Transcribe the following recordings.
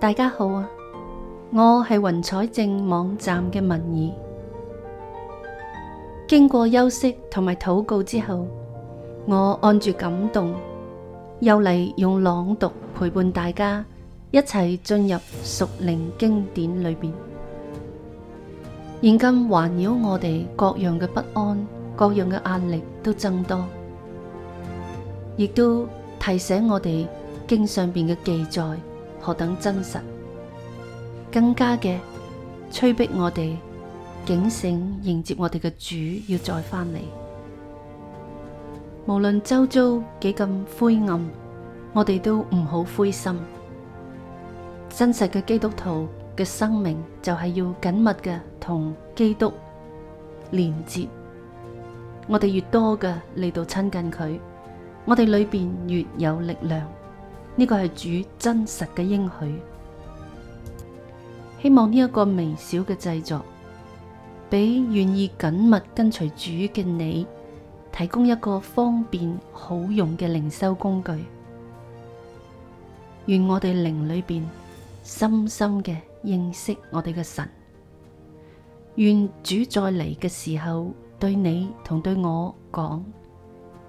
大家好啊！我係雲彩正網站嘅文儀。經過休息同埋禱告之後，我按住感動，又嚟用朗讀陪伴大家一齊進入《熟靈經典》裏邊。現今環繞我哋各樣嘅不安、各樣嘅壓力都增多，亦都提醒我哋經上邊嘅記載。何等真實，更加嘅催逼我哋警醒，迎接我哋嘅主要再返嚟。無論周遭幾咁灰暗，我哋都唔好灰心。真實嘅基督徒嘅生命就係要緊密嘅同基督連接。我哋越多嘅嚟到親近佢，我哋裏面越有力量。呢個係主真實嘅應許，希望呢一個微小嘅製作，俾願意緊密跟隨主嘅你，提供一個方便好用嘅靈修工具。願我哋靈裏邊深深嘅認識我哋嘅神。願主再嚟嘅時候，對你同對我講：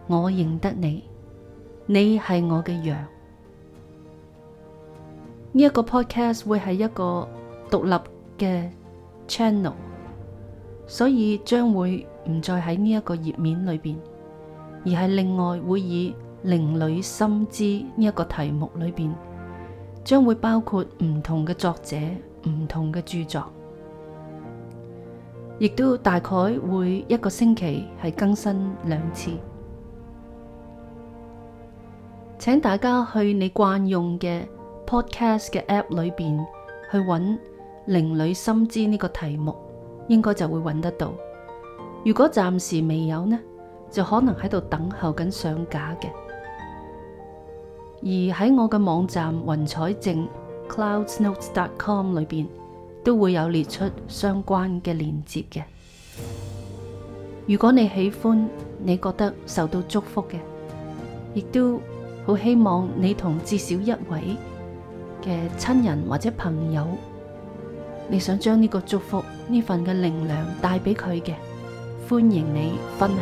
我認得你，你係我嘅羊。呢一個 podcast 會係一個獨立嘅 channel，所以將會唔再喺呢一個頁面裏邊，而係另外會以另類心知呢一個題目裏邊，將會包括唔同嘅作者、唔同嘅著作，亦都大概會一個星期係更新兩次，請大家去你慣用嘅。Podcast 嘅 App 裏邊去揾靈女深知呢個題目，應該就會揾得到。如果暫時未有呢，就可能喺度等候緊上架嘅。而喺我嘅網站雲彩正 （cloudnotes.com） 裏邊，都會有列出相關嘅鏈接嘅。如果你喜歡，你覺得受到祝福嘅，亦都好希望你同至少一位嘅親人或者朋友，你想將呢個祝福呢份嘅力量帶俾佢嘅，歡迎你分享。